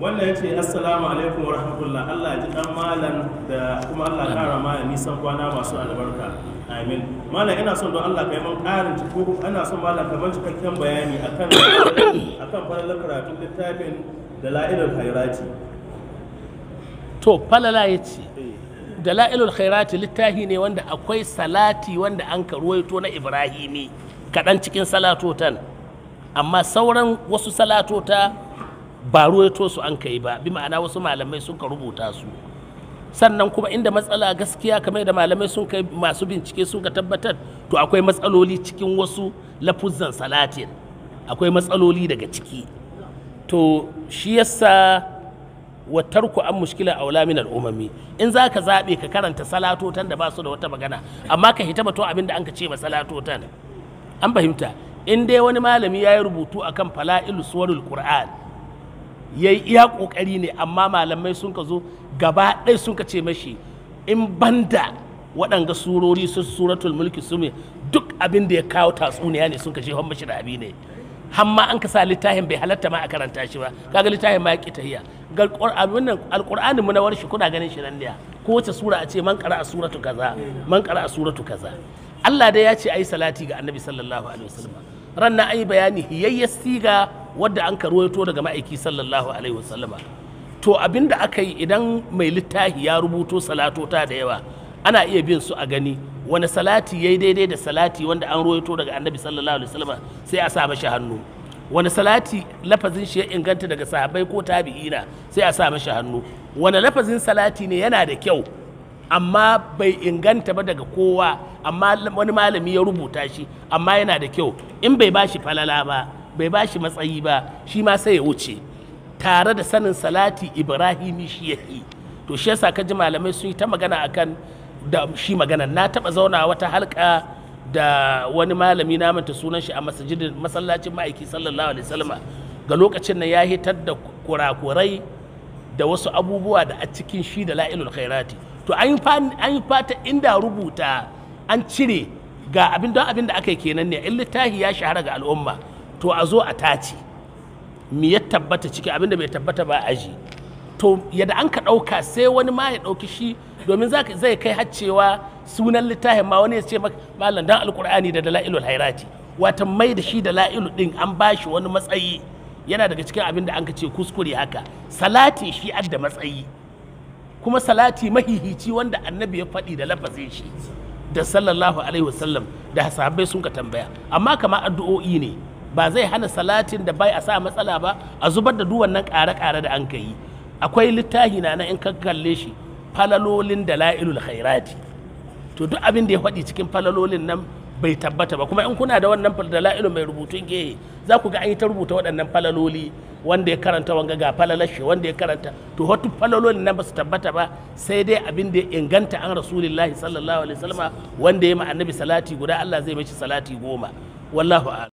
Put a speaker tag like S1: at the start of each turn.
S1: wannan ya ce assalamu alaikum wa rahmatullah Allah ji dan malam da kuma Allah kara ma nisan kwana masu albarka amin malam ina son don Allah kai man karin ko ana son malam kamar cikakken bayani akan akan falalar karatun littafin da la'ilul khairati to falala yace da la'ilul khairati littafi ne wanda akwai salati wanda an karuwaito na ibrahimi kaɗan cikin salatotan amma sauran wasu salatota ba ruwaito su an kai ba bi ma'ana wasu malamai sun ka rubuta su sannan kuma inda matsala gaskiya kamar da malamai sun kai masu bincike sun ka tabbatar to akwai matsaloli cikin wasu lafuzan salatin akwai matsaloli daga ciki to shi yasa wa tarku an mushkila aula min al'umami in za ka zaɓe ka karanta salatotan da ba su da wata magana amma ka hita mato abin da an ka ce ma salatotan an fahimta in dai wani malami ya yi rubutu akan fala'il suwarul qur'an ya yi iya ƙoƙari ne amma malamai sun ka zo gaba ɗaya sun ka ce mashi in banda waɗanga surori su suratul mulki su ne duk abin da ya kawo tatsuniya ne sun ka ce mashi da abi ne hamma an ka sa littafin bai halatta ma a karanta shi ba kaga littafin ma ya ƙi tahiya ga alƙur'ani mu na warshi kuna ganin shi nan ne wace sura a ce man ƙara a suratu kaza man ƙara a suratu kaza Allah dai ya ce ayi salati ga annabi sallallahu alaihi wasallam ran na ayi bayani hiyayyar siga wadda an karwaito daga ma'aiki sallallahu alaihi wasallama to abinda aka yi idan mai littafi ya rubuto salatota da yawa ana iya bin su a gani wani salati yayi daidai da salati wanda an ruwaito daga annabi sallallahu alaihi wasallama sai a sa mashi hannu wani salati lafazin shi ya inganta daga sahabbai ko tabi'ina sai a sa mashi hannu wani lafazin salati ne yana da kyau amma bai inganta ba daga kowa amma wani malami ya rubuta shi amma yana da kyau in bai bashi falala ba bai ba shi matsayi ba shi ma sai ya wuce tare da sanin salati ibrahimi shi ya yi to shi yasa kaji malamai sun yi ta magana akan da shi magana na taba zauna wata halka da wani malami na manta sunan shi a masjidin masallacin ma'aiki sallallahu alaihi wasallam ga lokacin nan ya hitar da kurakurai da wasu abubuwa da a cikin shi da la'ilul khairati to an yi fata inda rubuta an cire ga abin don abin da aka yi kenan ne in littafi ya shahara ga al'umma to a zo a tace me ya tabbata ciki abinda bai tabbata ba aji to yadda an ka ɗauka sai wani ma ya ɗauki shi domin zai kai haccewa sunan littafin ma wani ya ce malam dan alkur'ani da dala'ilul hairati wata mai da shi da la'ilu din an bashi wani matsayi yana daga cikin abin da an ka ce kuskure haka salati shi adda matsayi kuma salati mahihici wanda annabi ya faɗi da lafazin shi da sallallahu alaihi wasallam da sahabbai sun ka tambaya amma kama addu'o'i ne ba zai hana salatin da bai a sa matsala ba a zubar da duwan nan kare-kare da an ka yi akwai littahi na in ka kalle shi falalolin da la'ilul khairati to duk abin da ya faɗi cikin falalolin nan bai tabbata ba kuma in kuna da wannan da la'ilul mai rubutun gehe za ku ga an yi ta rubuta waɗannan falaloli wanda ya karanta wanga ga shi wanda ya karanta to hotu falalolin nan ba su tabbata ba sai dai abin da ya inganta an rasulillahi sallallahu alaihi wasallama wanda ya ma annabi salati guda Allah zai shi salati goma wallahu